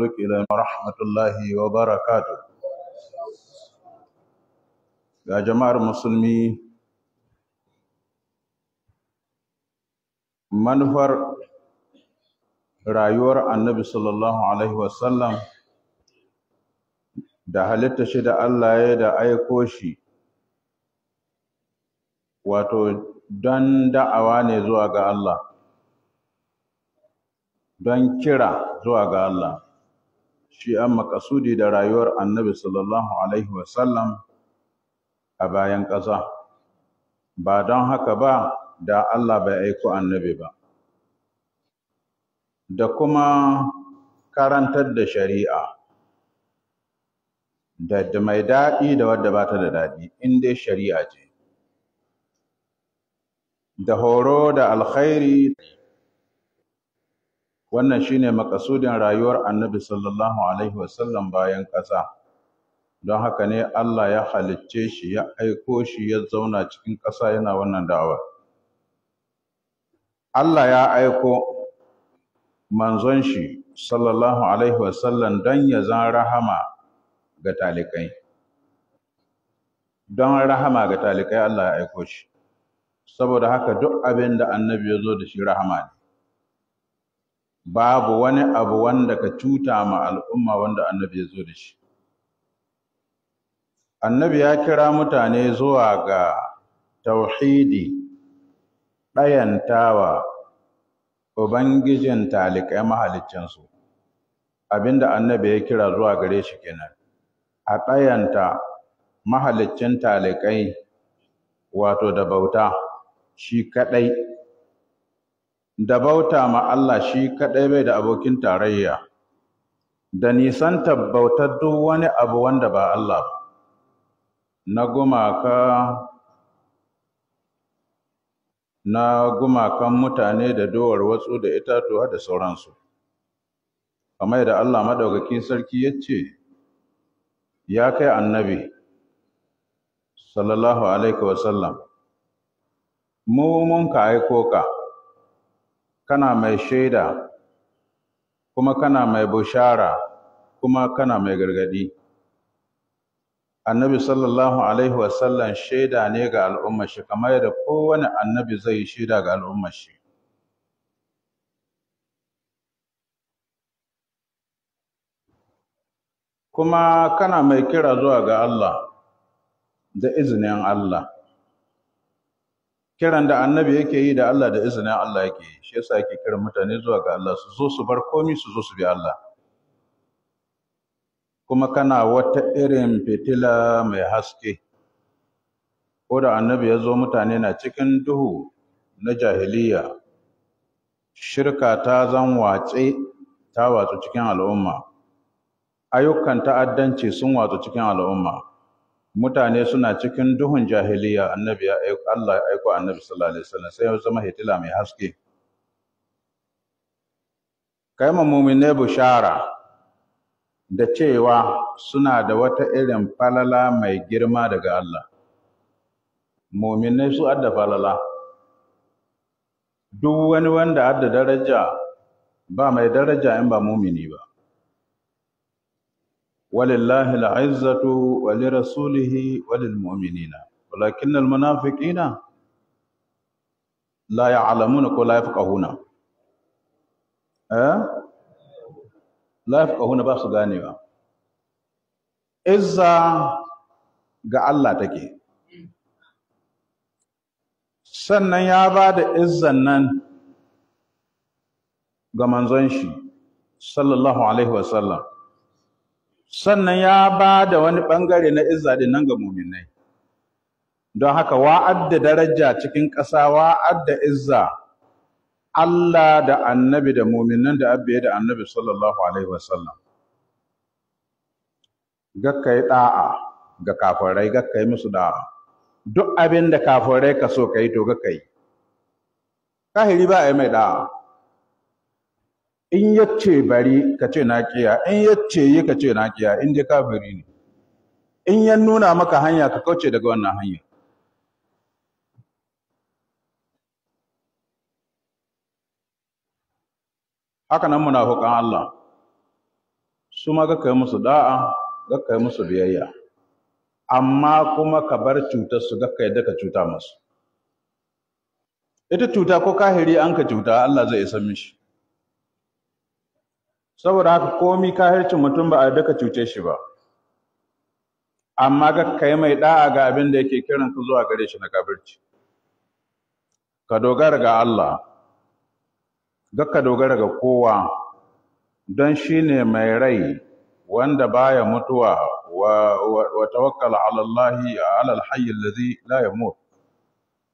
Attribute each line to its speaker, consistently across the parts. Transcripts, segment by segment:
Speaker 1: نقل ورحمة الله وبركاته يا جماعة المسلمين manufar rayuwar annabi da halitta shi da Allah ya da aiko shi wato don da'awa ne zuwa ga Allah don kira zuwa ga Allah shi an makasudi da rayuwar annabi sallallahu alaihi wasallam a bayan ƙasa ba don haka ba da Allah bai aiko annabi ba da kuma karantar da shari'a da mai daɗi da wadda ba ta da daɗi inda shari'a ce da horo da alkhairi wannan shine makasudin rayuwar annabi sallallahu alaihi wasallam bayan ƙasa don haka ne Allah ya halicce shi ya aiko shi ya zauna cikin ƙasa yana wannan da'awa Allah ya aiko manzon shi sallallahu alaihi wasallam don ya zan rahama ga talikai don rahama ga talikai Allah ya aiko shi saboda haka duk abin da annabi ya zo da shi rahama ne babu wani abu wanda ka cuta ma al'umma wanda annabi ya zo da shi annabi ya kira mutane zuwa ga tauhidi ɗayantawa ubangijin talikai mahaliccinsu abinda annabi ya kira zuwa gare shi kenan a ɗayanta mahaliccin talikai wato da bauta shi kaɗai da bauta ma Allah shi kaɗai bai da abokin tarayya, da nisan bautar duk wani abu wanda ba Allah ba, na gumaka na gumakan mutane da duwar watsu da itatuwa da sauransu. Kamar da Allah maɗaukakin sarki ya ce, Ya kai annabi, sallallahu Alaihi wasallam, mu mun ka aiko ka. kana mai shaida kuma kana mai bushara kuma kana mai gargadi annabi sallallahu alaihi wasallam shaida ne ga al'ummar shi kamar yadda kowane annabi zai yi shaida ga al'ummar shi kuma kana mai kira zuwa ga Allah da izinin Allah kiran da annabi yake yi da Allah da izinin Allah yake yi shi yasa yake kiran mutane zuwa ga Allah su zo su bar komi su zo su bi Allah kuma kana wata irin fitila mai haske ko da annabi ya zo mutane na cikin duhu na jahiliya shirka ta zan watse ta watsu cikin al'umma ayyukan ta'addanci sun watsu cikin al'umma mutane suna cikin duhun jahiliya annabi ya aiko Allah ya aiko annabi sallallahu alaihi wasallam sai ya zama hitila mai haske kai ma ne bushara da cewa suna da wata irin falala mai girma daga Allah mu'mine su adda falala duk wani wanda adda daraja ba mai daraja in ba mumini ba ولله العزة ولرسوله وللمؤمنين ولكن المنافقين لا يعلمون ولا يفقهون أه؟ لا يفقهون بس غانيوا إذا ga Allah take sannan ya ba da izzan nan ga manzon shi sallallahu alaihi wasallam sannan ya ba da wani ɓangare na izza din nan ga muminai don haka wa'adda daraja cikin ƙasa wa'adda izza Allah da annabi da muminan da abbiye da annabi sallallahu alaihi wasallam gakka yi ɗa'a ga kafirai gakka yi musu ɗa'a duk abin da kafirai ka so ka yi to gakka yi kahiri ba a yi mai ɗa'a in yace bari ka ce na kiya in yace yi ka ce na kiya in dai kafiri ne in ya nuna maka hanya ka kauce daga wannan hanya haka nan hukan Allah su ma kai musu da'a kai musu biyayya amma kuma ka bar cutar su kai da ka cuta musu ita cuta ko kahiri an ka cuta Allah zai isa mishi saboda haka komi ka kahircin mutum ba a duka cuce shi ba amma ga kai mai da'a ga abin da yake kiran ka zuwa gare shi na kabirci. ka dogara ga Allah ga ka dogara ga kowa don shine mai rai wanda baya mutuwa wa tawakkala ala Allah ala al-hayy alladhi la yamut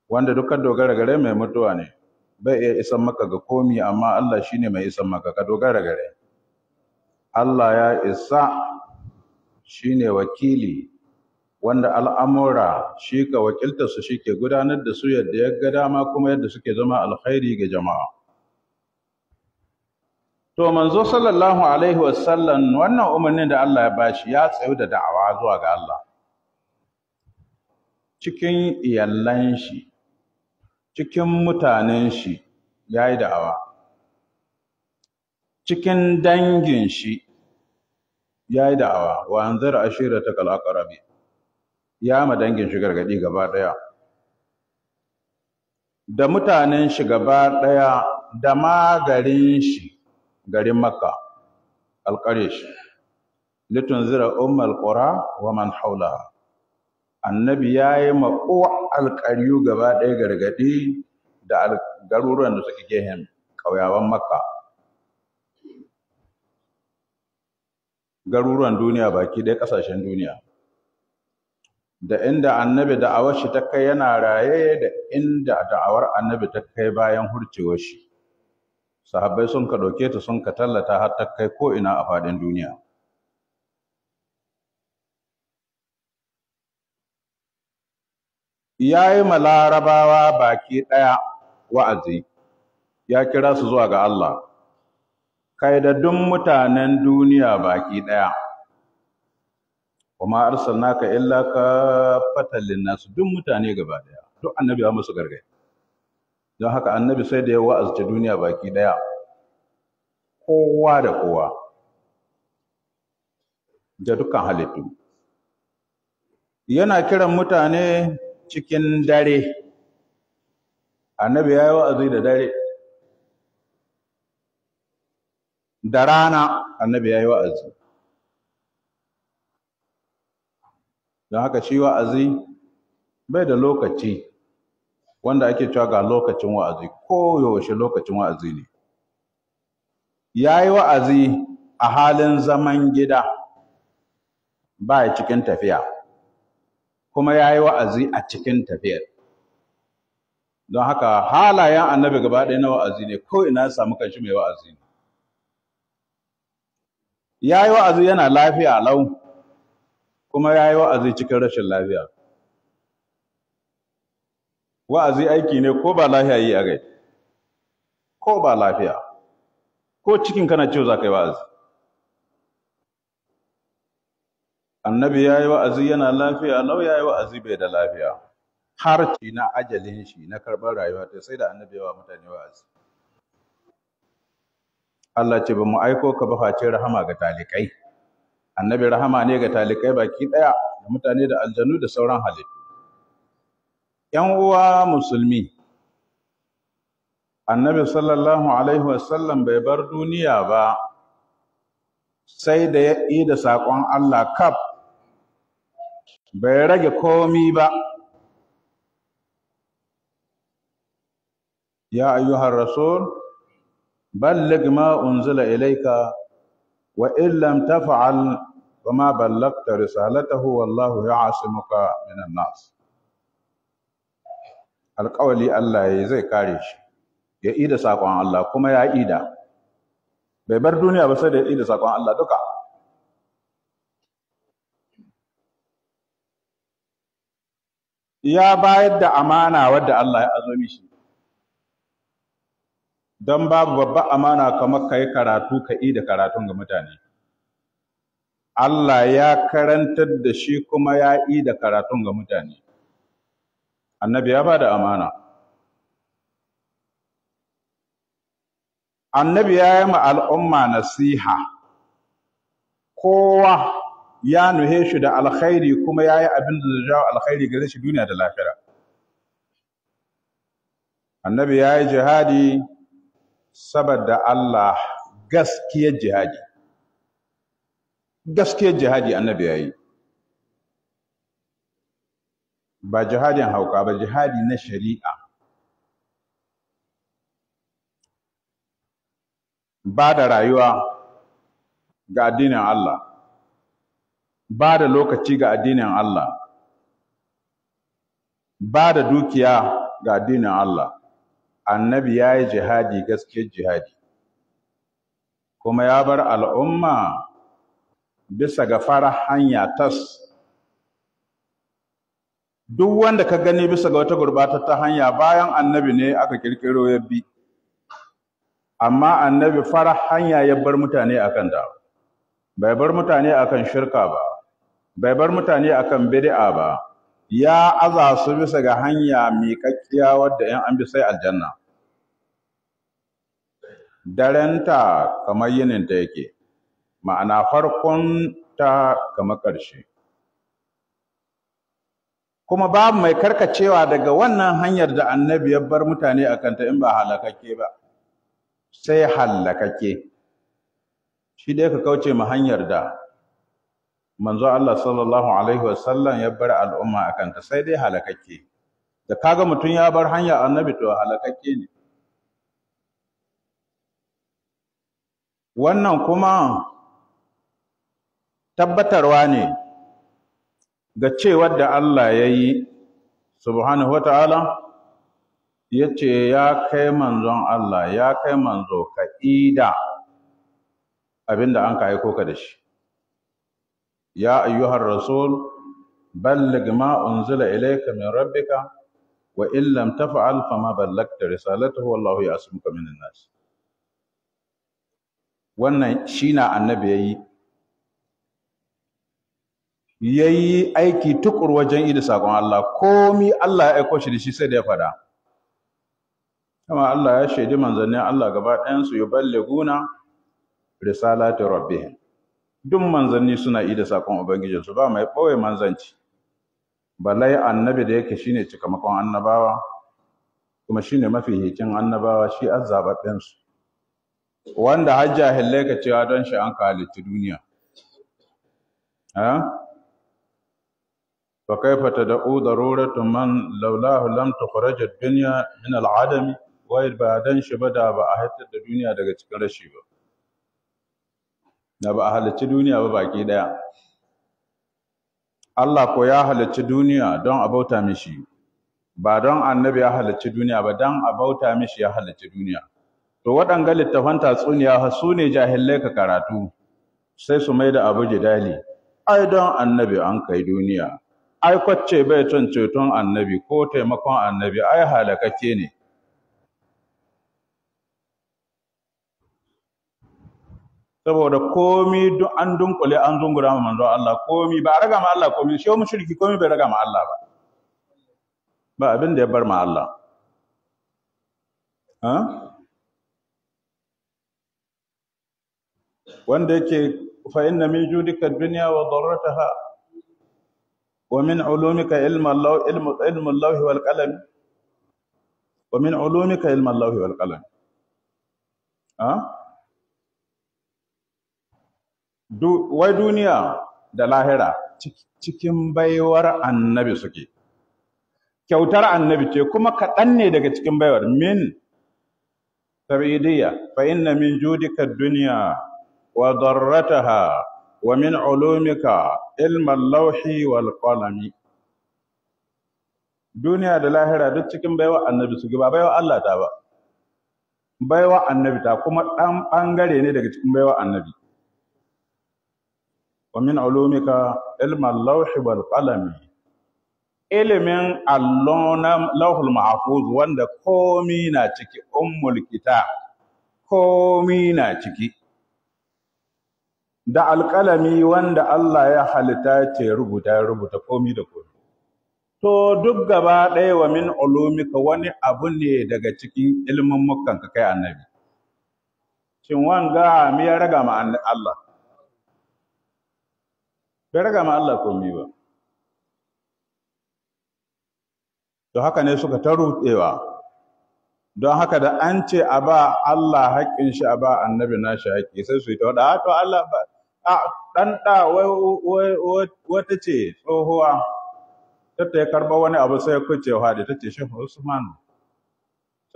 Speaker 1: wanda dukkan dogara gare mai mutuwa ne bai iya isan maka ga komi amma Allah shine mai isan maka ka dogara gare Allah ya isa shi ne wakili wanda al'amura shi ka su shi ke gudanar da su yadda ya ga dama kuma yadda suke zama alkhairi ga jama'a. To, manzo sallallahu Alaihi wasallam wannan umarnin da Allah ya bashi ya tsayu da da'awa zuwa ga Allah. Cikin iyallan shi, cikin mutanen shi ya yi da'awa, cikin dangin shi ya yi da'awa wa an zara shirya ta kalakarabi ya ma dangin shi gargaɗi gaba ɗaya da mutanen shi gaba ɗaya da ma garin shi garin makka alƙare shi litun zira umar ƙura wa man haula annabi ya yi maƙo alƙariyu gaba ɗaya gargaɗi da garuruwan da suke gehen ƙauyawan makka garuruwan duniya baki ɗaya ƙasashen duniya da inda annabi da'awar shi ta kai yana raye da inda da'awar annabi ta kai bayan hurcewar shi sahabbai sun ka ɗauke ta sun ka tallata har ta kai ko'ina a faɗin duniya ya yi ma larabawa baki ɗaya wa'azi ya kira su zuwa ga Allah kaidadun mutanen duniya baki ɗaya. Kuma ka illa ka fatalin nasu duk mutane gaba ɗaya, duk annabi ya musu gargai. Don haka annabi sai da ya wa'azta duniya baki ɗaya, kowa da kowa, da dukkan halittu. Yana kiran mutane cikin dare, annabi ya yi wa'azi da dare. da rana annabi ya yi wa'azi don haka shi wa'azi bai da lokaci wanda ake cewa ga lokacin wa'azi ko yaushe lokacin wa'azi ne ya yi wa'azi a halin zaman gida ba ya cikin tafiya kuma ya yi wa'azi a cikin tafiyar don haka halayen annabi gaba ɗaya na wa'azi ne ko ina samu kanshi mai wa'azi ne ya yi wa'azi yana lafiya lau kuma ya yi wa'azi cikin rashin lafiya wa'azi aiki ne ko ba lafiya yi a gai ko ba lafiya ko cikin kana ciwo za ka yi wa'azi annabi ya yi wa'azi yana lafiya lau ya yi wa'azi bai da lafiya harci na ajalin shi na karɓar rayuwa ta sai da annabi ya wa mutane wa'azi Allah ce ba mu aiko ka ba face rahama ga talikai annabi rahama ne ga talikai baki daya da mutane da aljanu da sauran halittu yan uwa musulmi annabi sallallahu alaihi wasallam bai bar duniya ba sai da ya yi da saƙon Allah kaf bai rage komi ba ya ayyuhar rasul balligh ma unzila ilayka wa in lam taf'al wa ma ballagta risalatahu wallahu ya'asimuka minan nas alƙawali Allah ya zai kare shi ya ida saƙon Allah kuma ya ida bai bar duniya ba sai da ya ida saƙon Allah duka ya bayar da amana wadda Allah ya azumi shi don babu babba amana kamar ka yi karatu ka yi da karatun ga mutane Allah ya karantar da shi kuma ya yi da karatun ga mutane annabi ya ba da amana annabi ya yi ma al'umma nasiha kowa ya nuhe shi da alkhairi kuma ya yi abin da jawo alkhairi gare shi duniya da lafiya annabi ya yi jihadi saboda Allah gaskiyar jihadi gaskiyar jihadi annabi ya yi ba jihadin hauka ba jihadi na shari'a ba da rayuwa ga addinin Allah ba da lokaci ga addinin Allah ba da dukiya ga addinin Allah annabi ya yi jihadi gaskiyar jihadi kuma ya bar al'umma bisa ga fara hanya tas duk wanda ka gani bisa ga wata gurbatar ta hanya bayan annabi ne aka kirkiro ya bi amma annabi fara hanya ya bar mutane akan da bai bar mutane akan shirka ba bai bar mutane akan bid'a ba ya aza su bisa ga hanya kakkiya wadda ‘yan an bi sai aljanna. Darenta kamar yininta yake, ma'ana farkon ta kamar ƙarshe. Kuma babu mai karkacewa daga wannan hanyar da annabi ya bar mutane a kanta in ba halakakke ba, sai halakakke. Shi dai ka kauce ma hanyar da. manzo Allah sallallahu alaihi wasallam ya bar al'umma akan ta sai dai halakakke da kaga mutum ya bar hanya annabi to halakakke ne wannan kuma tabbatarwa ne ga cewar da Allah ya yi subhanahu wata'ala yace ya ce ya kai manzon Allah ya kai manzo ka ida abinda an kai ka da shi يا أيها الرسول بلغ ما أنزل إليك من ربك وإن لم تفعل فما بلغت رسالته والله يعصمك من الناس wannan na annabi yayi yayi aiki tukur wajen ida sakon Allah komi Allah ya aiko da shi sai da ya fada kuma Allah ya shaidi manzannin Allah gaba ɗayan su yuballiguna risalati rabbihim duk manzanni suna ida sakon ubangijinsu ba mai ɓoye manzanci balai annabi da yake shine cikamakon annabawa kuma shine mafi hikin annabawa shi azzababben wanda har a ka cewa ah, don shi an halitta duniya ha fa kaifa tad'u daruratun man laulahu lam tukhraj ad min al-adami wa ba dan shi da ba a haifar da duniya daga cikin rashi ba da ba a halarci duniya ba baki ɗaya Allah ko ya halarci duniya don a bauta mishi ba don annabi ya halarci duniya ba don a bauta mishi ya halarci duniya to waɗanga littafan tatsuniya su ne jahilai ka karatu sai su mai da abu jidali ai don annabi an kai duniya ai kwacce bai son ceton annabi ko taimakon annabi ai halakake ne saboda komi an dunkule an zungura ma manzo Allah komi ba a raga ma Allah komi shi mushriki komi bai raga ma Allah ba ba abin da ya bar ma Allah ha wanda yake fa inna min judika dunya wa darrataha wa min ulumika ilma Allah ilmu ilmu Allah wal qalam wa min ulumika ilma Allah wal qalam ha wai duniya da lahira cikin baiwar annabi suke kyautar annabi ce kuma kaɗan ne daga cikin baiwar min tabidiyya fa inna min judika duniya wa darrataha wa min ulumika ilman lauhi wal qalami duniya da lahira duk cikin baiwa annabi su ba baiwa Allah ta ba baiwa annabi ta kuma ɗan ɓangare ne daga cikin baiwa annabi ومن علومك علم اللوح والقلم ilimin allo na lauhul mahfuz wanda komi na ciki ummul kitab komi na ciki da alƙalami wanda Allah ya halitta ce rubuta ya rubuta komi da komi to duk gaba ɗaya wa min ulumika wani abu ne daga cikin ilmin mukan kai annabi shin wanga me ya raga ma Allah bai raga ma Allah komi ba to haka ne suka ta rutsewa don haka da an ce a ba Allah haƙƙin shi a ba annabi nashi haƙƙi sai su yi ta wada to Allah ba a ɗan ɗa wai wata ce tsohuwa ta ta karba wani abu sai kucewa da ta ce shehu Usman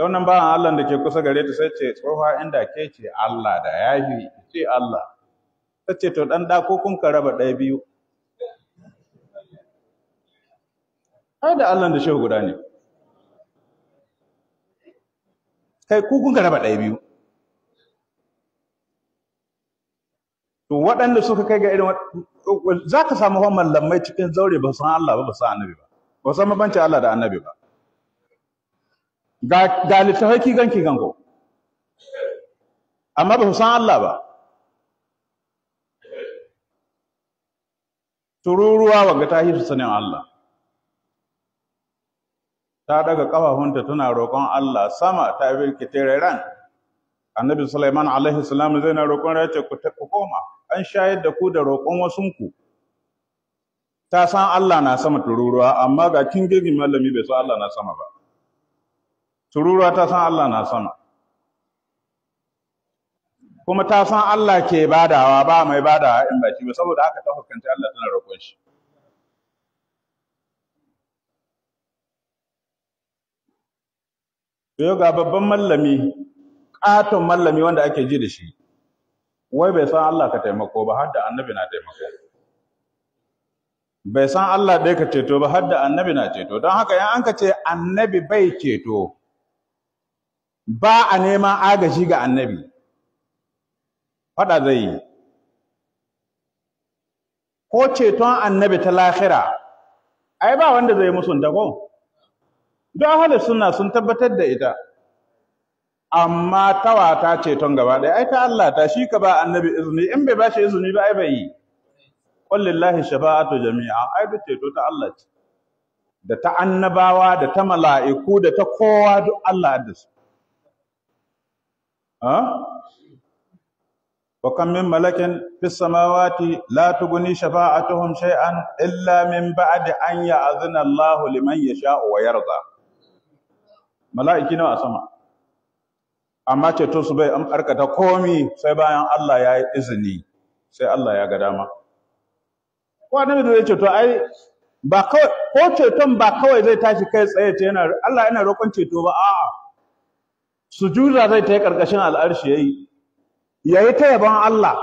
Speaker 1: saunan bawan Allah da ke kusa gare ta sai ce tsohuwa inda ke ce Allah da yahi ce Allah ta ce to ɗan ɗa ko kun ka raba ɗaya biyu ai da Allah da shehu guda ne kai kukun ka raba ɗaya biyu to waɗanda suka kai ga irin za ka samu wannan lammai cikin zaure ba san Allah ba ba san annabi ba ba san mabancin Allah da annabi ba ga ga littafai ki ganki ganko amma ba san Allah ba tururuwa wanga ta hisu sanin Allah ta daga kafafunta tana roƙon Allah sama ta birkita ran annabi Sulaiman alaihi salam zai na roƙon ya ce ku koma an shayar da ku da roƙon wasunku ta san Allah na sama tururuwa amma ga kin gigi mallami bai san Allah na sama ba tururuwa ta san Allah na sama kuma ta san Allah ke badawa ba mai badawa in ba shi ba saboda haka ta fuskanci Allah tana roƙon shi yau ga babban mallami ƙaton mallami wanda ake ji da shi wai bai san Allah ka taimako ba har da annabi na taimako bai san Allah ɗaya ka ceto ba har da annabi na ceto don haka yan an ka ce annabi bai ceto ba a neman agaji ga annabi faɗa zai yi ko ceton annabi ta lahira ai ba wanda zai musunta ko duk ahalar suna sun tabbatar da ita amma tawa ta ceton gaba ɗaya ai ta Allah ta shi ka ba annabi izini in bai bashi izini ba ai bai yi qul lillahi shafa'atu jami'a ai duk ceto ta Allah ce da ta annabawa da ta mala'iku da ta kowa duk Allah da su ha wa kam min malakin fis samawati la tughni shafa'atuhum shay'an illa min ba'di an ya'zina Allahu liman yasha'u wa yarda mala'iki nawa a sama amma ceto su bai karkata komi sai bayan Allah ya yi izini sai Allah ya ga dama ko annabi da zai ceto ai ba kawai ko ceton ba kawai zai tashi kai tsaye ta yana Allah yana roƙon ceto ba a'a sujuda zai ta yi karkashin al'arshi yayi yayi ta yaban Allah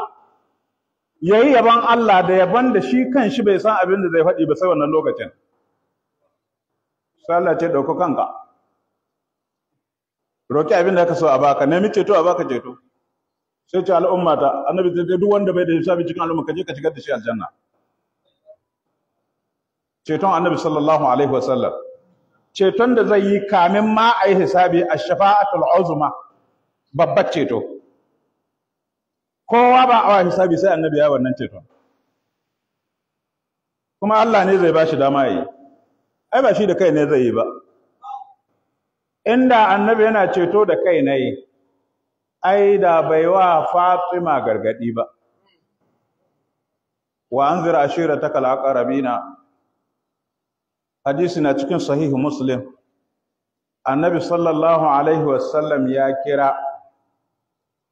Speaker 1: yayi yaban Allah da yaban da shi kan shi bai san abin da zai faɗi ba sai wannan lokacin sai Allah ce ɗauko kanka roki abin da ka so a baka nemi ceto a baka ceto sai ce al'umma ta annabi zai duk wanda bai da hisabi cikin al'umma ka je ka shigar da shi aljanna ceton annabi sallallahu alaihi wa sallam ceton da zai yi kamin ma a yi hisabi a shafa'atul uzma babbar ceto kowa ba a hisabi sai annabi ya wannan ceton kuma Allah ne zai ba shi dama yi ai ba shi da kai ne zai yi ba inda annabi yana ceto da kai na yi ai da bai wa fatima gargadi ba wa an zira ashira ta kalakarabina hadisi na cikin sahihu muslim annabi sallallahu alaihi wasallam ya kira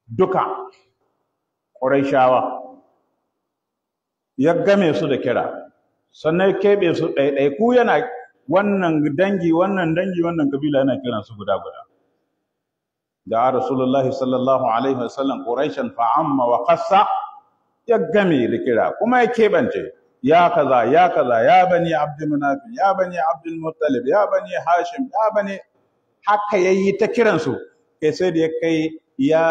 Speaker 1: duka ƙuraishawa ya game su da kira sannan keɓe su ɗaiɗaiku yana wannan dangi wannan dangi wannan kabila ana kiran su guda guda da rasulullahi sallallahu alaihi wasallam quraishan fa amma wa qassa ya gami da kira kuma ya kebance ya kaza ya kaza ya bani abd munaf ya bani abdul muttalib ya bani hashim ya bani haka yayi ta kiran su kai sai da ya kai ya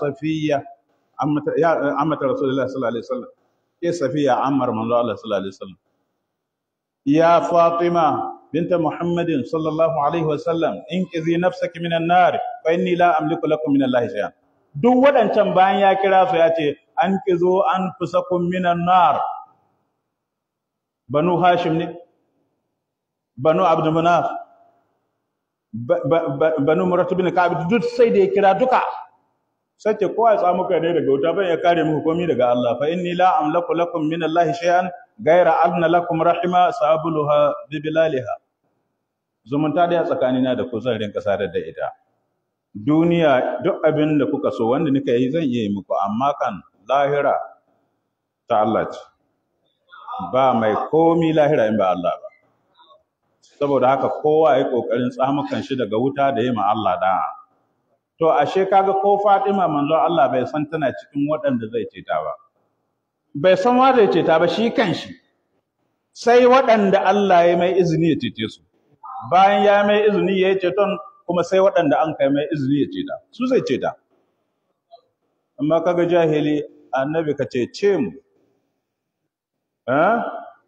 Speaker 1: safiya amma ya amma rasulullahi sallallahu alaihi wasallam ke safiya ammar manzo Allah sallallahu alaihi wasallam Fatima Binta Muhammadin sallallahu alaihi الله عليه وسلم انقذي نفسك من النار فإني لا أملك لكم من الله شيئا duk waɗancan bayan ya kira su ya ce an kizo an fusakun minan nar banu hashim ne banu abdu manaf banu muratu bin ka'ab duk sai da ya kira duka sake kowa ya tsamuka ne daga wuta ban ya kare muku komai daga Allah fa inni la amlaku lakum min Allah shay'an ghayra anna lakum rahima sabuluha bi bilaliha zumunta da tsakanina da ku zan rinka sadar da ita duniya duk abin da kuka so wanda nika yi zan iya yi muku amma kan lahira ta Allah ce ba mai komi lahira in ba Allah ba saboda haka kowa ya yi ƙoƙarin tsamukan shi daga wuta da yi ma Allah da'a to ashe kaga ko Fatima manzo Allah bai san tana cikin waɗanda zai ceta ba bai san wa zai ceta ba shi kanshi sai waɗanda Allah ya mai izini ya cece su bayan ya mai izini ya yi ceton kuma sai waɗanda an kai mai izini ya ceta su zai ceta amma kaga jahili annabi ka cece mu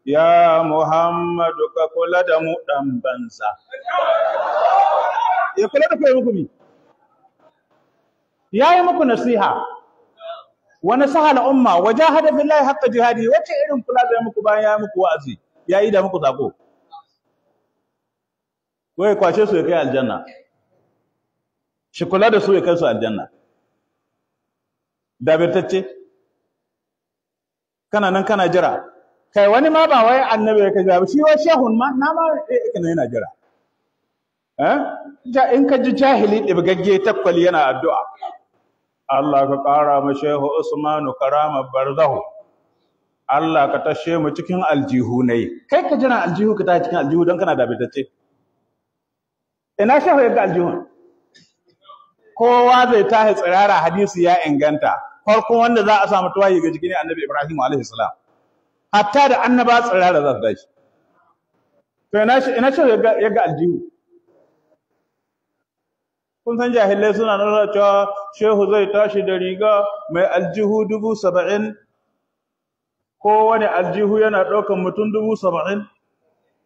Speaker 1: ya Muhammadu ka kula da mu ɗan banza ya kula da kai hukumi yayi muku nasiha wa nasaha al-umma wa jahada billahi haqqa jihadi wace irin kula da muku bayan ya muku wa'azi yayi da muku zako wai kwashe su ya kai aljanna shi kula da su ya kai su aljanna dabirtacce kana nan kana jira kai wani ma ba wai annabi ya kaji ba shi wa shehun ma na ma eh, yake nan yana jira eh in ka ji jahili dibgagge takwali yana addu'a Allah ka ƙara ma shehu Usmanu karama barzahu Allah ka tashe mu cikin aljihu ne kai ka jira aljihu ka tashi cikin aljihu don kana dabitacce ina shehu ga aljihu kowa zai tahi tsirara hadisi ya inganta farko wanda za a samu tawayi ga jikin annabi Ibrahim alaihi salam hatta da annaba tsirara za su tashi to ina shehu ga aljihu kun san jahilai suna nuna cewa shehu zai tashi da riga mai aljihu dubu saba'in ko wani aljihu yana ɗaukan mutum dubu saba'in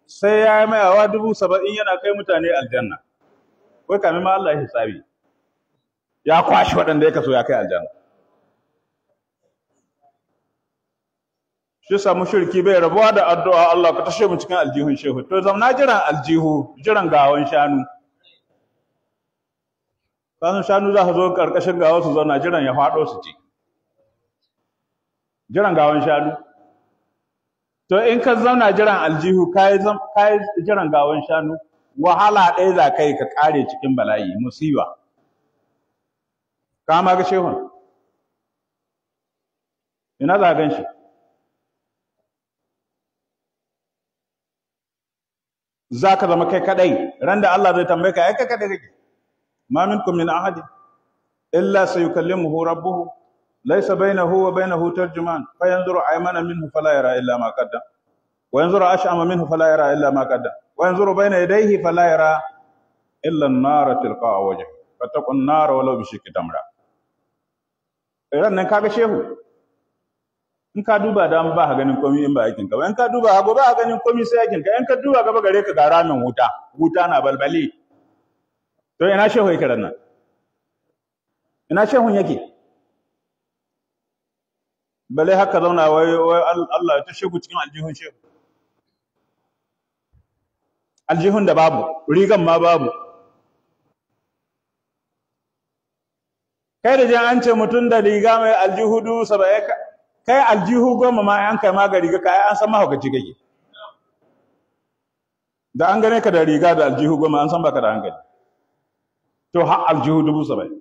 Speaker 1: sai ya yi mai awa dubu saba'in yana kai mutane aljanna wai kami ma Allah ya hisabi ya kwashi waɗanda ya kaso ya kai aljanna shi mu shirki bai rabuwa da addu'a Allah ka tashe mu cikin aljihun shehu to zamna jiran aljihu jiran gawan shanu kasan shanu za su zo ƙarƙashin gawa su zauna jiran ya faɗo su ci jiran gawan shanu to in ka zauna jiran aljihu ka yi jiran gawan shanu wahala ɗaya za ka yi ka ƙare cikin bala'i musiba ka ma ga shehun ina za gan shi za ka zama kai kaɗai ran da Allah zai tambaye ka ai kai kaɗai kake ma minkum min ahadin illa sayukallimuhu rabbuhu laysa bainahu wa bainahu tarjuman fa yanzuru aymana minhu fala yara illa ma qaddam wa yanzuru ash'ama minhu fala yara illa ma qaddam wa yanzuru bayna yadayhi fala yara illa an-nara tilqa wajh fattaqun nara walau bi shikki tamra ran nan kaga shehu in ka duba dama ba ka ganin komai in ba aikin ka in ka duba hagu ba ka ganin komai sai aikin ka in ka duba gaba gare ka ga ramin wuta wuta na balbali to ina shehu yake ran nan ina shehun yake bale haka zauna wai Allah ya ta shehu cikin aljihun shehu aljihun da babu rigan ma babu kai da jan an ce mutum da riga mai aljihu du saba'e kai aljihu goma ma an kai ma ga riga kai an san mahaukaci kake da an gane ka da riga da aljihu goma an san baka da hankali to har aljihu dubu saba'in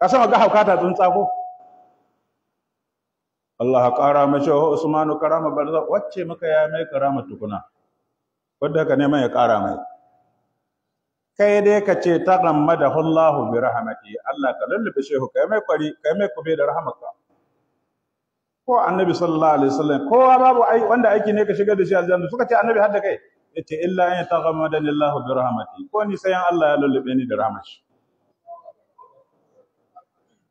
Speaker 1: ka sama ga haukata tsuntsa ko Allah ƙara mace wa Usmanu karama barza wacce maka ya mai karama tukuna wadda ka neman ya ƙara mai kai dai ka ce ta ramma da Allahu bi rahmati Allah ka lullube shehu kai mai kwari kai mai kube da rahmaka ko annabi sallallahu alaihi wasallam kowa babu ai wanda aiki ne ka shigar da shi aljanna suka ce annabi hadda kai yace illa an zama da bi rahmati ko ni sayan Allah ya lullube ni da rahmashi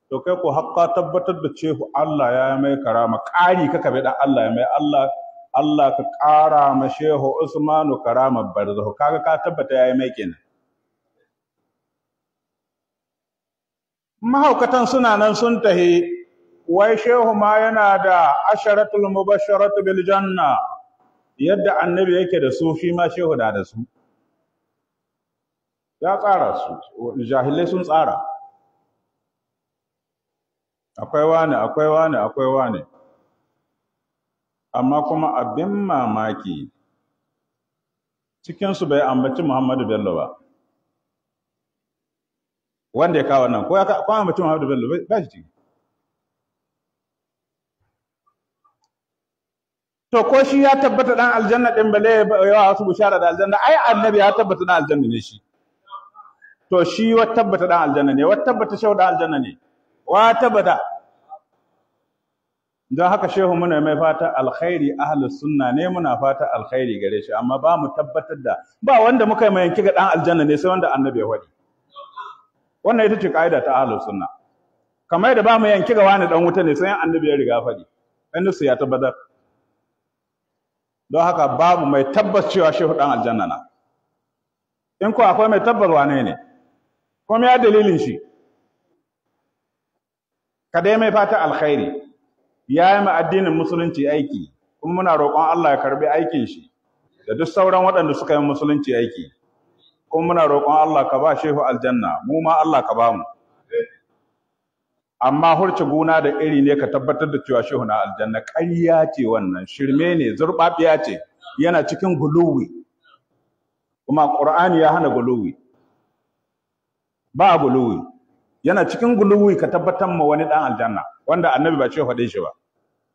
Speaker 1: to kai ko hakka tabbatar da cewa Allah ya mai karama Kari kaka bai da Allah ya mai Allah Allah ka kara ma Shehu Usmanu karama barzahu kaga ka tabbata ya mai kenan mahaukatan suna nan sun tahi wai shehu ma yana da asharatul mubasharatu bil janna yadda annabi yake da su shi ma shehu na da su ya tsara su jahilai sun tsara akwai wani akwai wani akwai wani amma kuma abin mamaki cikinsu bai ambaci Muhammadu Bello ba wanda ya kawo nan ko ya kawo Muhammadu Bello ba shi ciki to ko shi ya tabbata dan aljanna din bale yawa wasu bushara da aljanna ai annabi ya tabbata dan aljanna ne shi to shi wa tabbata dan aljanna ne wa tabbata shau dan aljanna ne wa tabbata don haka shehu muna mai fata alkhairi ahlus sunna ne muna fata alkhairi gare shi amma ba mu tabbatar da ba wanda muka mai yanki ga dan aljanna ne sai wanda annabi ya wadi wannan ita ce kaida ta ahlus sunna kamar da ba mu yanki ga wani dan wuta ne sai annabi ya riga fadi annabi ya tabbatar don haka babu mai tabbas cewa shehu ɗan aljanna na in ko akwai mai tabbas wane ne kuma ya dalilin shi ka dai mai fata alkhairi ya yi ma addinin musulunci aiki kuma muna roƙon Allah ya karbi aikin shi da duk sauran waɗanda suka yi musulunci aiki kuma muna roƙon Allah ka ba shehu aljanna mu ma Allah ka ba mu amma hurci guna da iri ne ka tabbatar da cewa shehu na aljanna ƙarya ce wannan shirme ne zurɓaɓiya ce yana cikin guluwi kuma ƙur'ani ya hana guluwi ba guluwi yana cikin guluwi ka tabbatar ma wani dan aljanna wanda annabi ba ce faɗe shi ba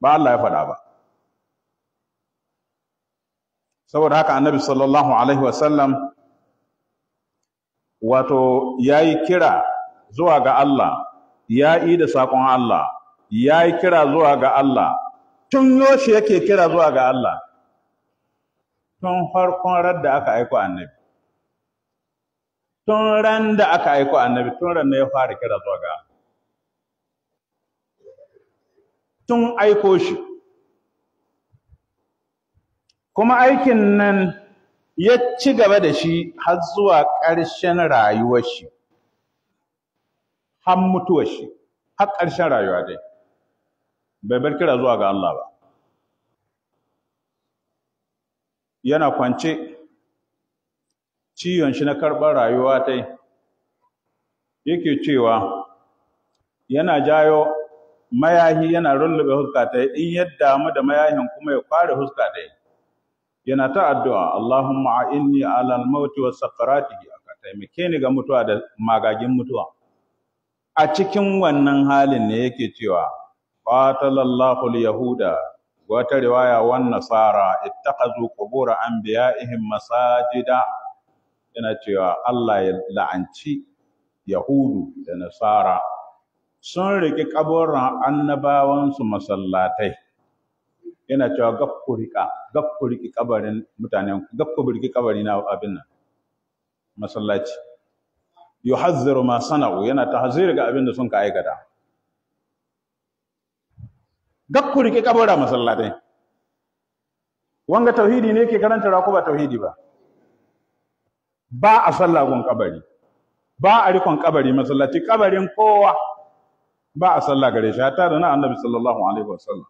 Speaker 1: ba Allah ya faɗa ba saboda haka annabi sallallahu alaihi wasallam wato yayi kira zuwa ga Allah ya yi da sakon Allah ya yi kira zuwa ga Allah tun yoshi yake kira zuwa ga Allah tun farkon ran da aka aiko annabi tun ran da aka aiko annabi tun ran ne ya fara kira zuwa ga Allah tun aiko shi kuma aikin nan ya ci gaba da shi har zuwa ƙarshen rayuwar shi har mutuwar shi har ƙarshen rayuwa dai bai bar kira zuwa ga Allah ba yana kwance ciwon shi na karɓar rayuwa dai yake cewa yana jayo mayahi yana rullube huska ta in yadda mu da mayahin kuma ya kware huska ta yana ta addu'a Allahumma a'inni ala al-maut wa sakaratihi ka taimake ni ga mutuwa da magagin mutuwa a cikin wannan halin ne yake cewa qatalallahu yahuda wata riwaya wan nasara ittakhadhu qubur anbiya'ihim masajida yana cewa Allah ya la'anci yahudu da nasara sun rike annabawan annabawansu masallatai yana cewa gafku rika kabarin mutanen gafku riki na abin nan masallaci yuhazziru ma sana'u yana tahziri ga abin da sun ka aikata gakku rike kabura masallatai wanga tauhidi ne ke karanta ko ba tauhidi ba ba a sallah gun kabari ba a rikon kabari masallaci kabarin kowa ba a sallah gare shi hatta da na annabi sallallahu alaihi wasallam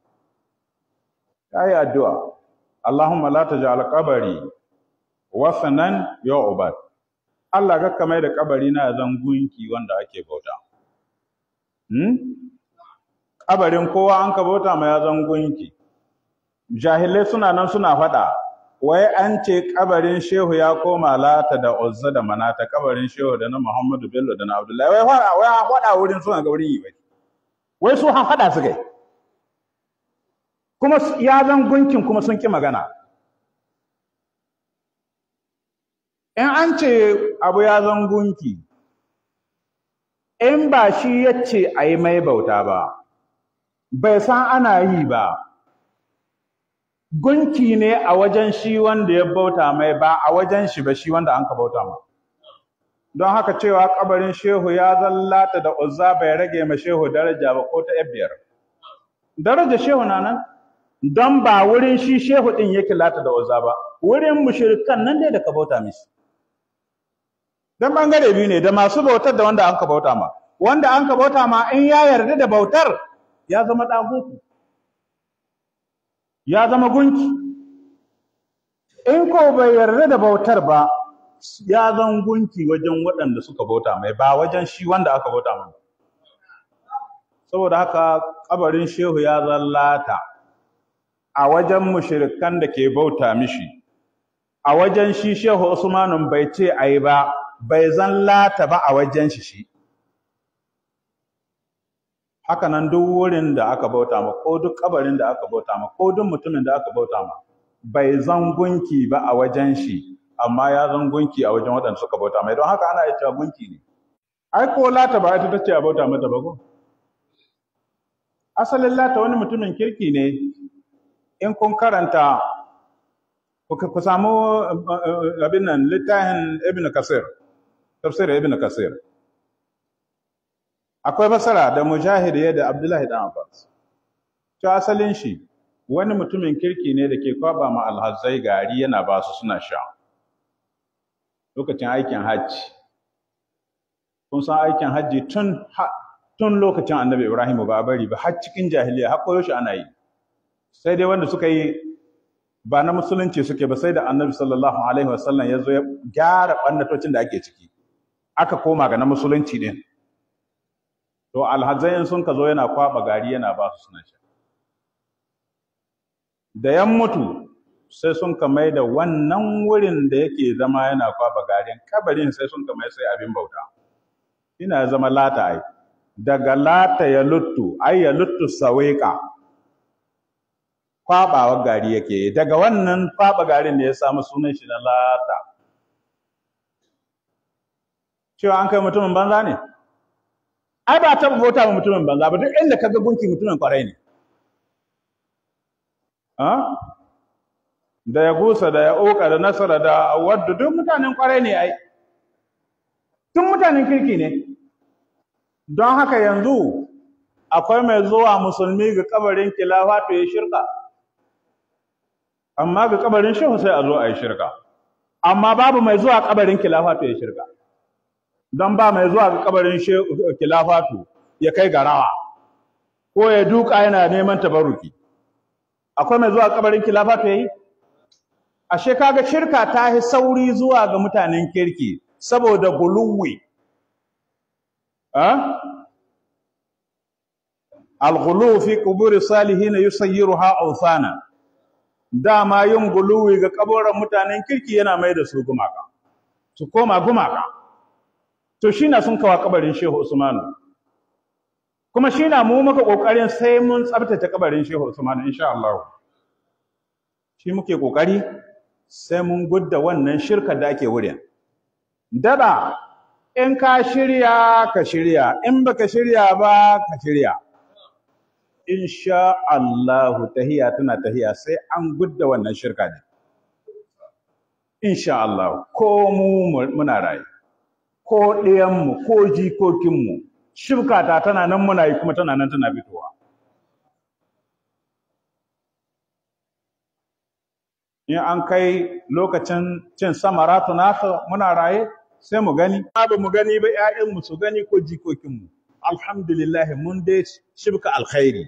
Speaker 1: kai addu'a Allahumma la taj'al qabari ya yu'bad Allah kakka mai da kabari na zan gunki wanda ake bauta hmm? kabarin kowa an ka bauta ma ya zan gunki jahilai suna nan suna faɗa wai an ce kabarin shehu ya koma lata da uzza da manata kabarin shehu da na muhammadu bello da na abdullahi wai wai faɗa wurin suna ga wurin yi bai wai su han faɗa su kai kuma ya zan gunkin kuma sun ki magana in an ce abu ya zan gunki in ba shi ya ce a yi mai bauta ba bai san ana yi ba gunki ne a wajen shi wanda ya bauta mai ba a wajen shi ba shi wanda an ka bauta ma don haka cewa kabarin shehu ya zallata da uzza bai rage ma shehu daraja ba ko ta biyar daraja shehu na nan don ba wurin shi shehu din yake lata da uzza ba wurin mushrikan nan dai da ka bauta mishi dan bangare biyu ne da masu bautar da wanda anka bauta ma wanda anka bauta ma in ya yarda da bautar ya zama dagutu ya zama gunki in ko bai yarda da bautar ba ya zan gunki wajen waɗanda suka bauta mai ba wajen shi wanda aka bauta mai saboda haka kabarin shehu ya zallata a wajen mushirikan da ke bauta mishi a wajen shi shehu usmanun bai ce a yi ba bai zan lata ba a wajen shi shi haka nan duk wurin da aka bauta ma ko duk kabarin da aka bauta ma ko duk mutumin da aka bauta ma bai zan gunki ba a wajen shi amma ya zan gunki a wajen waɗanda suka bauta mai don haka ana yi cewa gunki ne ai ko lata ba ita tace a bauta mata ba ko asalin lata wani mutumin kirki ne in kun karanta ku samu eh, eh, eh, abin nan littafin ibn kasir tafsirin ibn kasir akwai masara da mujahid ya da abdullahi dan abbas to asalin shi wani mutumin kirki ne da ke kwaba ma alhazai gari yana ba su suna sha lokacin aikin hajji kun san aikin hajji tun tun lokacin annabi ibrahim ba bari ba har cikin jahiliya har koyo shi ana yi sai dai wanda suka yi ba na musulunci suke ba sai da annabi sallallahu alaihi wasallam ya zo ya gyara ɓannatocin da ake ciki aka koma ga na musulunci din to alhazayin sun ka zo yana kwaba gari yana ba su suna sha da yan mutu sai sun ka mai da wannan wurin da yake zama yana kwaba garin kabarin sai sun ka mai sai abin bauta ina zama lata ai daga lata ya luttu ai ya luttu saweka kwabawa gari yake daga wannan kwaba garin da ya samu sunan shi na lata cewa an kai mutumin banza ne ai ba ta bauta ma mutumin banza ba duk inda kaga gunki mutumin kwarai ne ha ah? da ya gusa da ya oka da nasara da wadda duk mutanen kwarai ne ai tun mutanen kirki ne don haka yanzu akwai mai zuwa musulmi ga kabarin kilafa to ya shirka amma ga kabarin shehu sai a zo a yi shirka amma babu mai zuwa kabarin kilafa to ya shirka don ba mai zuwa ga kabarin kilafatu ya kai garawa ko ya duka yana neman tabaruki akwai mai zuwa kabarin kilafatu yayi ashe kaga shirka ta yi sauri zuwa ga mutanen kirki saboda guluwi a ah? alghulu na fi quburi salihin yusayyiruha awthana dama yin guluwi ga kaburin mutanen kirki yana mai da su gumaka su koma gumaka to shi na sun kawa kabarin shehu usmanu kuma shi na mu maka kokarin sai mun tsabtace kabarin shehu usmanu insha Allah shi muke kokari sai mun gudda wannan shirka da ake wurin daba in ka shirya ka shirya in baka shirya ba ka shirya insha Allah tahiya tana tahiya sai an gudda wannan shirka ne insha Allah ko mu muna rayu ko ɗayanmu ko jikokinmu shibkata tana nan muna yi kuma tana nan tana fitowa in an kai lokacin cin samara nata muna raye sai mu gani ba mu gani ba 'ya'yanmu su gani ko jikokinmu alhamdulillah mun dai shibka alkhairi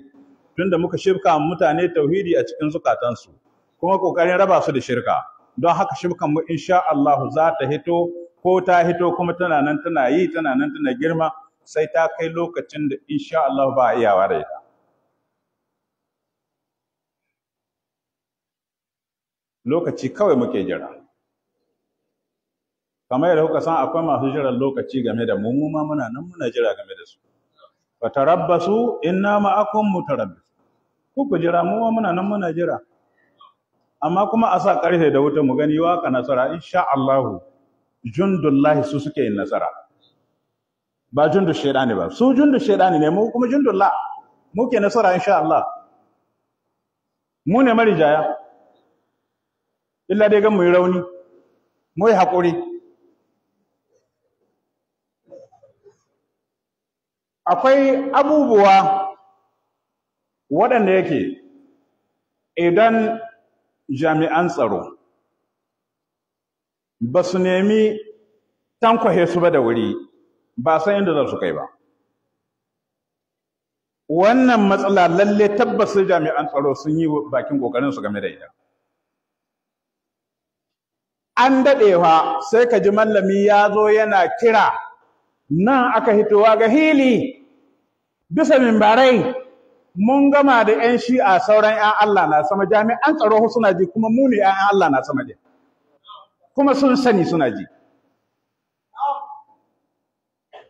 Speaker 1: tunda muka shibka mutane tauhidi a cikin zukatansu kuma ƙoƙarin raba su da shirka don haka shibkanmu mu insha Allah za ta hito ko ta hito kuma tana nan tana yi tana nan tana girma sai ta kai lokacin da insha Allah ba a iyawa da ita lokaci kawai muke jira kamar yadda kuka san akwai masu jiran lokaci game da mu mu ma muna nan muna jira game da su fa tarabbasu inna ma'akum mutarabbis ku ku jira mu muna nan muna jira amma kuma a sa ƙarfe da wuta mu gani waka nasara, insha Allahu. jundullahi su suke yin nasara ba jundu shaidani ba su jundu shaidani ne mu kuma jundullah muke nasara insha Allah mu ne marijaya illa dai ga mu yi rauni mu yi haƙuri akwai abubuwa waɗanda yake idan jami'an tsaro ba su nemi tankwahe su ba da wuri ba san inda za su kai ba wannan matsala lalle tabbas jami'an tsaro sun yi bakin kokarin su game da ita an daɗewa sai ka ji mallami ya zo yana kira nan aka hitowa ga hili bisa mimbarai mun gama da 'yan shi'a sauran 'yan Allah na sama jami'an tsaro suna ji kuma muni 'yan Allah na sama kuma sun sani suna ji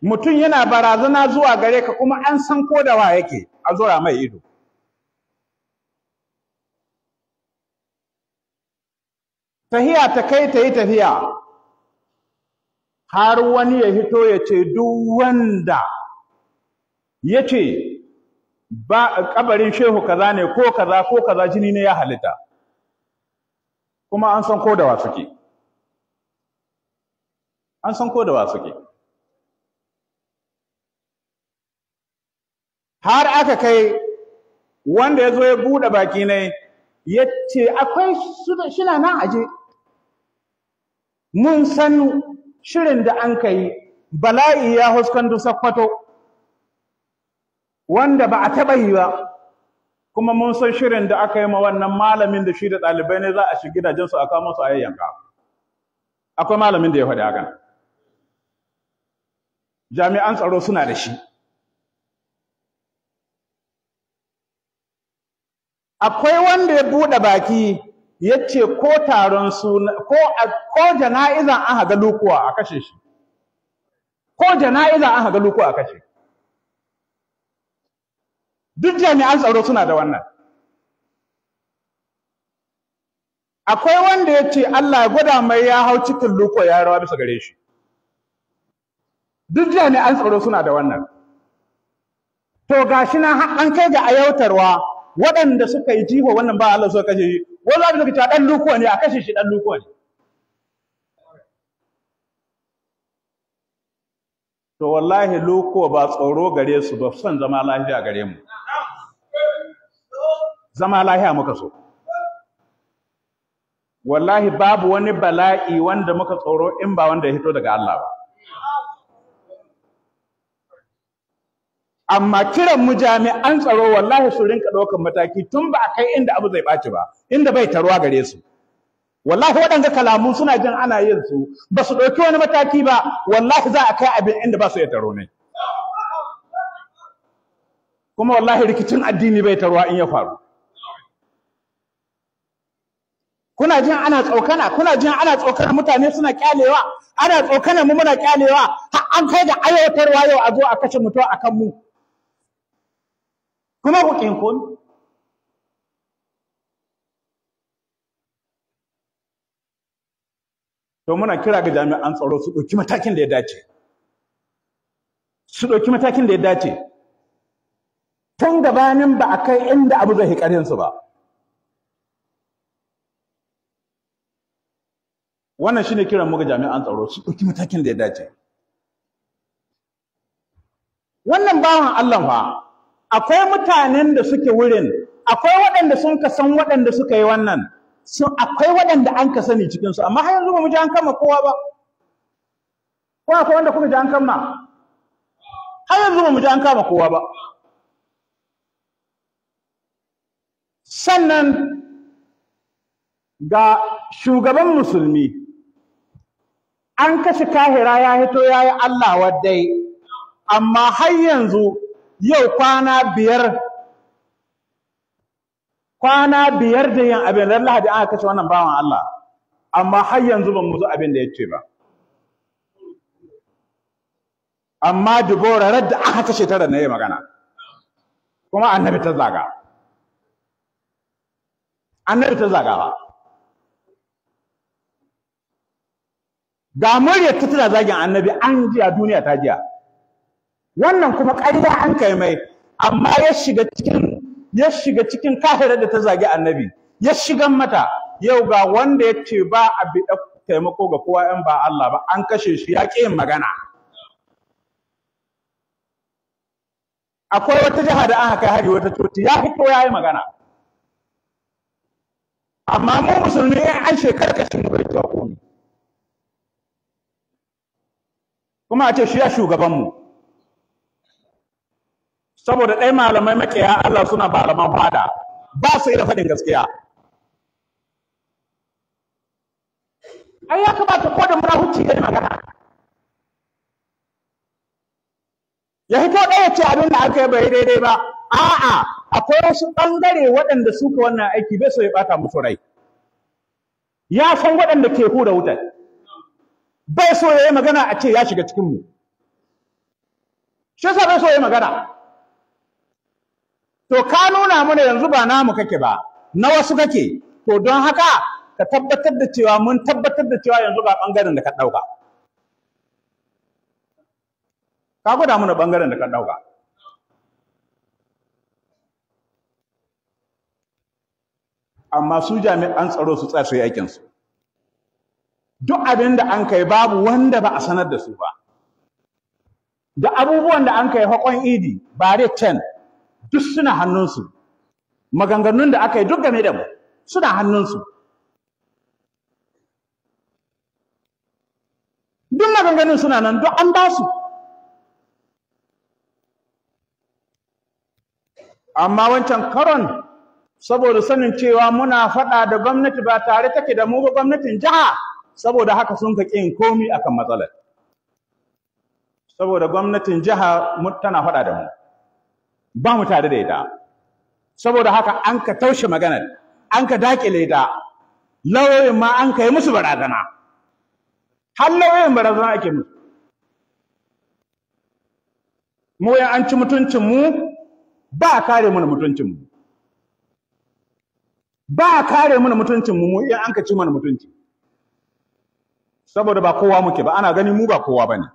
Speaker 1: mutum yana barazana zuwa gare ka kuma an san ko da wa yake a zura mai ido tahiya ta kai ta yi tafiya har wani ya hito ya ce duk wanda ya ce ba kabarin shehu kaza ne ko kaza ko kaza jini ne ya halitta kuma an san ko da wa suke an san ko da suke har aka kai wanda ya zo ya buɗe baki ne ya ce akwai shina nan aje mun san shirin da an kai bala'i ya dusa sakwato wanda ba a taɓa yi ba kuma mun san shirin da aka yi ma wannan malamin da shi da ɗalibai ne za a shi gidajensu a kama su a yayyanka akwai malamin da ya faɗi hakan jami'an tsaro suna da shi akwai wanda ya buɗe baki ya ce ko taron suna ko jana'izan an haga lukuwa a kashe shi ko jana'izan an haga lukuwa a kashe duk jami'an tsaro suna da wannan akwai wanda ya ce Allah ya gwada mai ya hau cikin lukuwa ya rawa bisa gare shi duk jami'an tsaro suna da wannan to ga shi na an kai ga ayautarwa waɗanda suka yi jiho wannan ba Allah suka kashe shi wani zaɓi suka cewa ɗan lukuwa ne a kashe shi ɗan lukuwa ne to wallahi lukuwa ba tsoro gare su ba son zama lafiya gare mu zama lafiya muka so wallahi babu wani bala'i wanda muka tsoro in ba wanda ya hito daga Allah ba amma kiran mu jami'an tsaro wallahi su rinka ɗaukar mataki tun ba a kai inda abu zai ɓaci ba inda bai taruwa gare su wallahi waɗanda kalamu suna jin ana yin su ba su ɗauki wani mataki ba wallahi za a kai abin inda ba su ya taro ne kuma wallahi rikicin addini bai taruwa in ya faru kuna jin ana tsokana kuna jin ana tsokana mutane suna kyalewa ana tsokana mu muna kyalewa har an kai da ayyatarwa yau a zo a kashe mutum akan mu kuma ku ƙin kun? to muna kira ga jami'an tsaro su ɗauki matakin da ya dace su ɗauki matakin da ya dace tun gabanin ba a kai inda abu zai hikarinsu ba wannan shi ne kiran mu ga jami'an tsaro su ɗauki matakin da ya dace wannan bawan Allah akwai mutanen da suke wurin akwai waɗanda sun ka san waɗanda suka yi wannan sun akwai waɗanda an ka sani cikin su amma har yanzu ba mu ji an kama kowa ba ko akwai wanda kuma ji an kama har yanzu ba mu ji an kama kowa ba sannan ga shugaban musulmi an kashe kahira ya hito ya yi Allah waddai amma har yanzu yau kwana biyar kwana biyar da yin abin Allah lahadi aka kace wannan bawan Allah amma har yanzu ban mutu abin da ya ce ba amma dubora da aka kashe tara na magana kuma annabi ta zaga annabi ta zaga ba ga muryar ta tana zagin annabi an jiya duniya ta jiya wannan kuma ƙarya an kai mai amma ya shiga cikin ya shiga cikin kafirar da ta zagi annabi ya shiga mata yau ga wanda ya ce ba a biɗa taimako ga kowa in ba Allah ba an kashe shi ya ƙi yin magana akwai wata jiha da aka kai hari wata coci ya fi ya yi magana amma mu musulmi an shekar kashin bai tuwa komi kuma a ce shi ya shugabanmu saboda ɗaya malamai makiya Allah suna alaman fada ba su yi da faɗin gaskiya ai ya kamata ko da munafunci ya magana ya hito ɗaya ce abin da aka yi bai daidai ba a'a akwai wasu ɓangare waɗanda suka wannan aiki bai so ya ɓata musu rai ya san waɗanda ke hura wutar bai so ya yi magana a ce ya shiga cikinmu shi yasa bai so ya yi magana to ka nuna mana yanzu ba namu kake ba na wasu kake to don haka ka tabbatar da cewa mun tabbatar da cewa yanzu ba bangaren da ka dauka ka gwada mana bangaren da ka dauka amma su jami'an tsaro su tsaya su yi aikin su duk abin da an kai babu wanda ba a sanar da su ba da abubuwan da an kai hakon idi bare 10 duk suna hannunsu maganganun da aka yi duk game da mu suna hannunsu duk maganganun suna nan duk an ba su amma wancan karon saboda sanin cewa muna faɗa da gwamnati ba tare take da mu ba gwamnatin jiha saboda haka sun ka ƙin komi akan matsalar saboda gwamnatin jiha tana faɗa da mu ba mu tare da ita saboda haka an ka taushe maganar an ka dakile ita, lauyoyin ma an ka yi musu barazana har lauyoyin barazana ake musu mu ya an ci mutuncin mu ba kare mana mutuncin mu ba kare mana mutuncin mu mu ya an ka ci mana mutunci saboda ba kowa muke ba ana gani mu ba kowa bane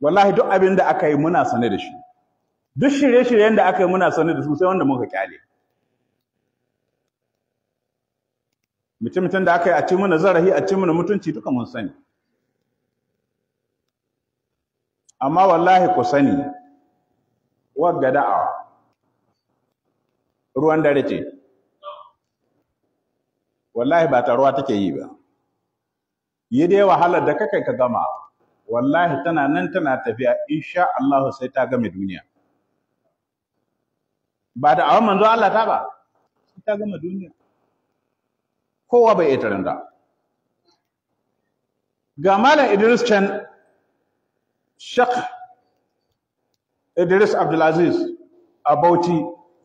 Speaker 1: wallahi duk abin da aka yi muna sane da shi duk shirye-shiryen da aka yi muna sane da su sai wanda muka kyale mutum-mutum da aka yi a ci mana zarahi, a ci mana mutunci duka mun sani amma wallahi ku sani wagga da'awa ruwan dare ce wallahi ba ta ruwa take yi ba yi dai wahalar da kakai ka gama wallahi tana nan tana tafiya insha Allah sai ta game duniya ba da awan manzo Allah ta ba sai ta gama duniya kowa bai yi tarin da ga malam Idris can Sheikh Idris Abdulaziz a Bauchi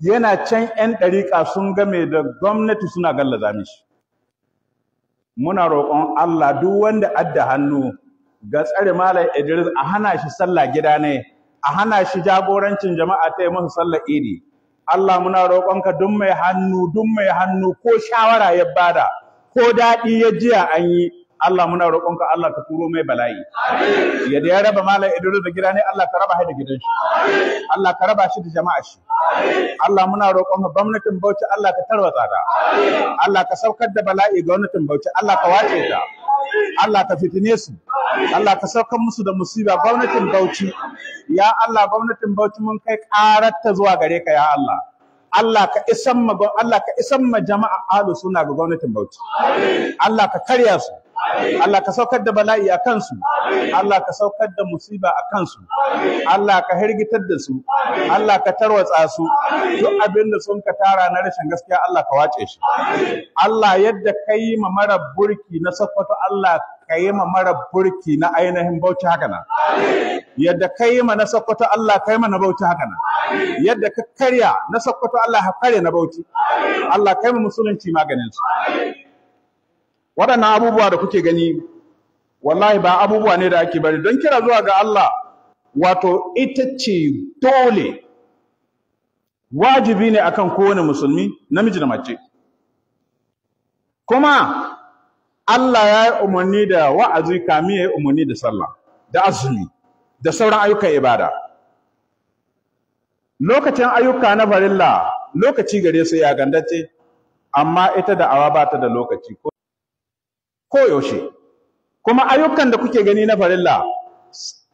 Speaker 1: yana can 'yan ɗariƙa sun game da gwamnati suna gallaza mishi. Muna roƙon Allah duk wanda adda hannu ga tsare malam Idris a hana shi sallah gida ne a hana shi jagorancin jama'a ta yi musu sallah idi Allah muna roƙonka duk mai hannu duk mai hannu ko shawara ya bada ko daɗi ya jiya an yi Allah muna roƙonka Allah ka turo mai bala'i ya da ya raba malam Idris da gida ne Allah ka raba shi da gidan shi Allah ka raba shi da jama'a shi Allah muna roƙonka gwamnatin Bauchi Allah ka tarwatsa ta Allah ka saukar da bala'i ga gwamnatin Bauchi Allah ka wace ta Allah ka fitine su Allah ka saukar musu da musiba gwamnatin Bauchi ya Allah gwamnatin Bauchi mun kai ta zuwa gare ka ya Allah Allah ka isan ma Allah ka isan ma jama'a alu suna ga gwamnatin Bauchi Allah ka karya su Allah ka saukar da bala'i a kansu Allah ka saukar da musiba a kansu Allah ka hirgitar da su Allah ka tarwatsa su duk abin da sun ka tara na rashin gaskiya Allah ka wace shi Allah yadda ka yi ma mara burki na Sokoto Allah ka yi ma mara burki na ainihin bauchi haka nan. Yadda ka yi ma na Sokoto Allah ka yi ma na bauchi haka nan. Yadda ka karya na Sokoto Allah ka karya na bauchi. Allah ka yi ma musulunci maganin su. waɗannan abubuwa da kuke gani wallahi ba abubuwa ne da ake bari don kira zuwa ga Allah wato ita ce dole wajibi ne akan kowane musulmi namiji da mace kuma Allah ya yi umarni da wa'azi kami ya yi umarni da sallah da azumi da sauran ayyukan ibada lokacin ayyuka na farilla lokaci gare su ya gandace amma ita da awa ba ta da lokaci koyaushe kuma ayyukan da kuke gani na farilla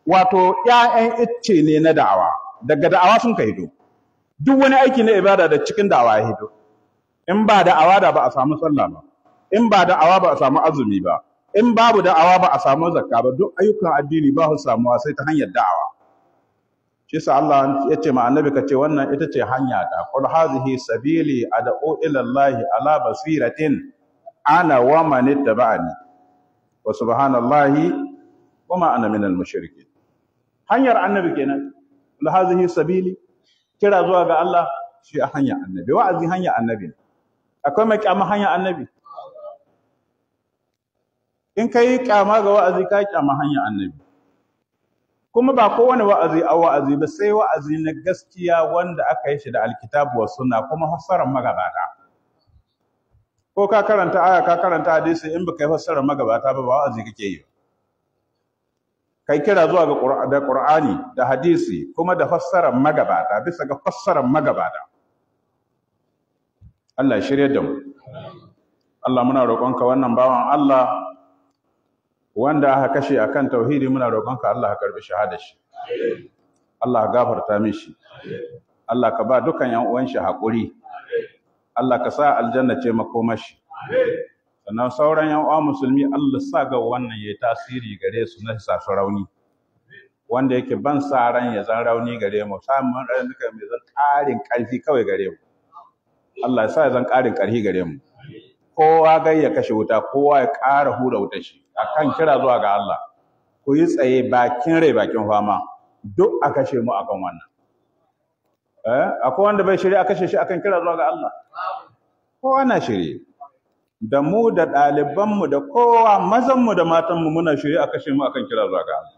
Speaker 1: wato ‘ya'yan icce ne na da'awa daga da'awa sun ka hido duk wani aiki na ibada da cikin da'awa ya hido in ba da'awa da ba a samu sallah ba in ba da'awa ba a samu azumi ba in babu da'awa ba a samu zakka ba duk ayyukan addini ba su samuwa sai ta hanyar da'awa shi sa Allah ya ce ma annabi ka ce wannan ita ce hanya ta qul hazihi sabili a ila Allah ala basiratin ana wa man ni? wa subhanallahi wa ma ana minal mushrikin hanyar annabi kenan la hazihi sabili kira zuwa ga Allah shi a hanya annabi wa'azi hanya annabi akwai mai kyama hanya annabi in ka yi kyama ga wa'azi ka kyama hanya annabi kuma ba kowane wa'azi a wa'azi ba sai wa'azi na gaskiya wanda aka yi shi da alkitabu wa sunna kuma hasaran magabata ko ka karanta aya ka karanta hadisi in baka fassara magabata ba ba wa'azi kake yi kai kira zuwa ga da Qur'ani da hadisi kuma da fassara magabata bisa ga fassara magabata Allah ya shirye da mu Allah muna roƙonka wannan bawan Allah wanda aka kashe akan tauhidi muna roƙonka Allah ka karbi shahadar shi Allah gafarta mishi Allah ka ba dukan yan uwan shi haƙuri Allah ka sa aljanna ce makomashi sannan sauran yan uwa musulmi Allah sa ga wannan ya yi tasiri gare su na sa rauni wanda yake ban sa ran ya zan rauni gare mu samun ran duka mai zan ƙarin ƙarfi kawai gare mu Allah sa ya zan ƙarin ƙarfi gare mu kowa gai ya kashe wuta kowa ya ƙara hura wuta shi a kan kira zuwa ga Allah ku yi tsaye bakin rai bakin fama duk a kashe mu akan wannan Eh? akwai wanda bai shirya a kashe shi akan kira zuwa ga Allah kowa na shiri. da mu da ɗalibanmu da kowa mazanmu da matanmu muna shiri a kashe mu akan kira zuwa ga Allah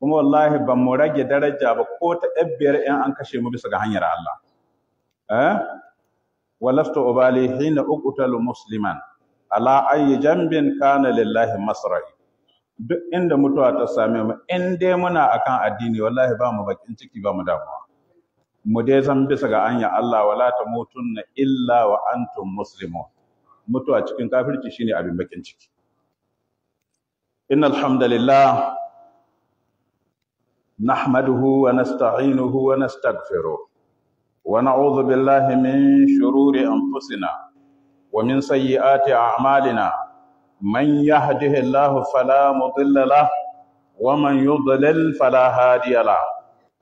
Speaker 1: kuma wallahi ba mu rage daraja ba ko ta ɗan biyar in an kashe mu bisa ga hanyar Allah eh walastu ubali hina uqtalu musliman ala ayi jambin kana lillahi masrai duk inda mutuwa ta same mu in dai muna akan addini wallahi ba mu bakin ciki ba mu damuwa mu dai zan bisa ga anya Allah wala na illa wa antum muslimun mutuwa cikin kafirci shine abin bakin ciki innal hamdalillah nahmaduhu wa nasta'inuhu wa nastaghfiruh wa na'udhu billahi min shururi anfusina wa min sayyiati a'malina man yahdihillahu fala mudilla lahu wa man yudlil fala hadiya lahu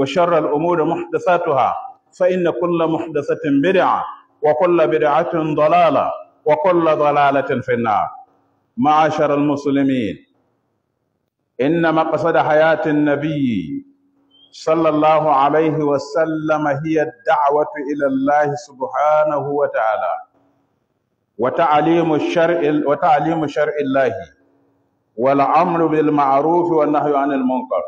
Speaker 1: وشر الأمور محدثاتها فإن كل محدثة بدعة وكل بدعة ضلالة وكل ضلالة في النار معاشر المسلمين إن مقصد حياة النبي صلى الله عليه وسلم هي الدعوة إلى الله سبحانه وتعالى وتعليم الشرع وتعليم شرع الله والأمر بالمعروف والنهي عن المنكر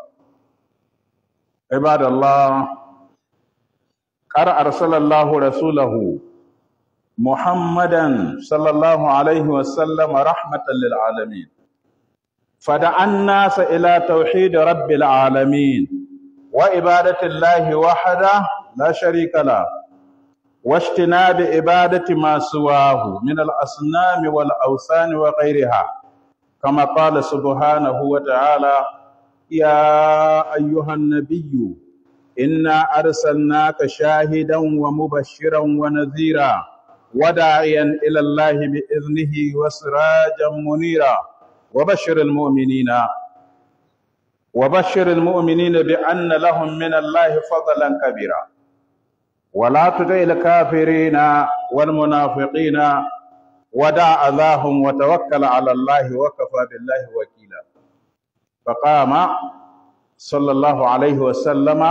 Speaker 1: عباد الله قد أرسل الله رسوله محمدا صلى الله عليه وسلم رحمة للعالمين فدعا الناس إلى توحيد رب العالمين وعبادة الله وحده لا شريك له واجتناب عبادة ما سواه من الأصنام والأوثان وغيرها كما قال سبحانه وتعالى ya ayyuhan nabiyyu inna arsalnaka shahidan wa mubashiran wa nadhira wada'iyan ila Allahi bi idhnihi wa sirajan munira wa bashiril mu'minina wa bashiril mu'minina bi anna lahum fadlan kabira wa la tuti'il kafirina wal munafiqina wada'a lahum wa tawakkala ala Allahi فقام صلى الله عليه وسلم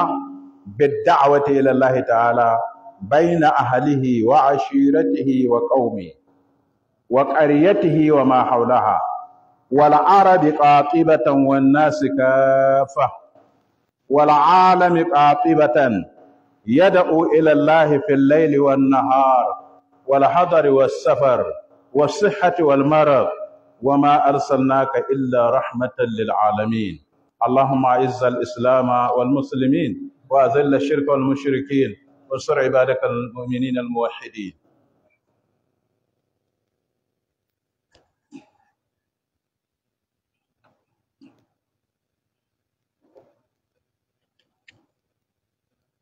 Speaker 1: بالدعوة إلى الله تعالى بين أهله وعشيرته وقومه وقريته وما حولها والعرب قاطبة والناس كافة والعالم قاطبة يدعو إلى الله في الليل والنهار والحضر والسفر والصحة والمرض وما أرسلناك إلا رحمة للعالمين اللهم أعز الإسلام والمسلمين وأذل الشرك والمشركين وانصر عبادك المؤمنين الموحدين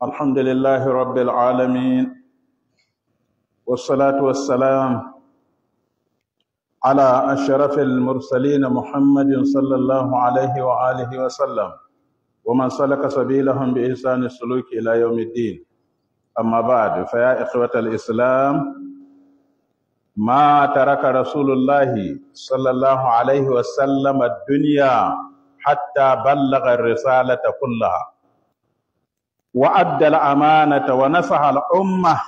Speaker 1: الحمد لله رب العالمين والصلاة والسلام على أشرف المرسلين محمد صلى الله عليه وآله وسلم ومن سلك سبيلهم بإحسان السلوك إلى يوم الدين أما بعد فيا إخوة الإسلام ما ترك رسول الله صلى الله عليه وسلم الدنيا حتى بلغ الرسالة كلها وأدى الأمانة ونصح الأمة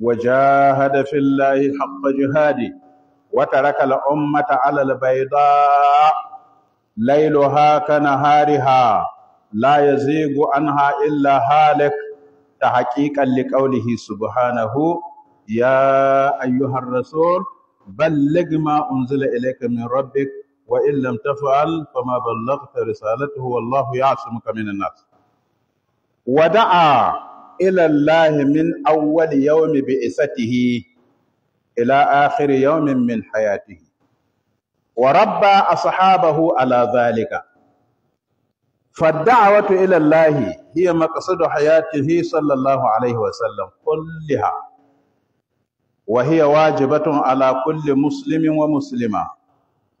Speaker 1: وجاهد في الله حق جهاده wata rakala ummata alal bayda lailuha kana hariha la yazigu anha illa halik ta haqiqan li subhanahu ya ayyuhar rasul balligh ma unzila ilayka min rabbik wa in lam taf'al fama ballaghta risalatahu wallahu ya'simuka minan nas wada'a ila allahi yaumi awwal yawmi bi'isatihi ila akhir yawmin min hayatihi wa rabba ashabahu ala dhalika فالدعوة إلى الله هي مقصد حياته صلى الله عليه وسلم كلها وهي واجبة على كل مسلم ومسلمة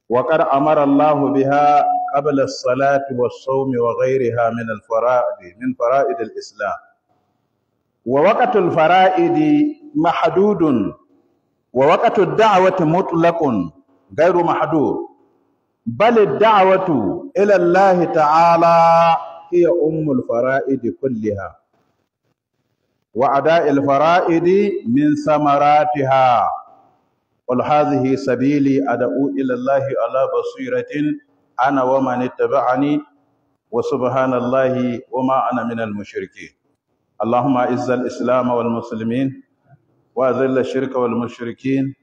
Speaker 1: وقد أمر الله بها قبل الصلاة والصوم وغيرها من الفرائض من فرائض الإسلام ووقت الفرائض محدود wa waqatu ad-da'wati mutlaqun ghayru mahdud bal ad-da'watu ila Allah ta'ala hiya ummu al-fara'id kulliha wa ada'u al-fara'id min samaratiha wal hadhihi sabili ad'u ila Allah ala basiratin ana wa man ittaba'ani wa subhanallahi wa ma ana min al-mushrikeen اللهم اعز الاسلام وأذل الشرك والمشركين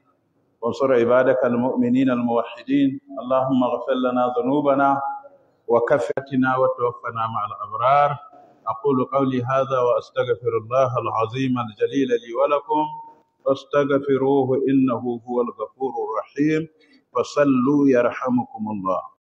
Speaker 1: وانصر عبادك المؤمنين الموحدين اللهم اغفر لنا ذنوبنا وكفتنا وتوفنا مع الأبرار أقول قولي هذا وأستغفر الله العظيم الجليل لي ولكم فاستغفروه إنه هو الغفور الرحيم فصلوا يرحمكم الله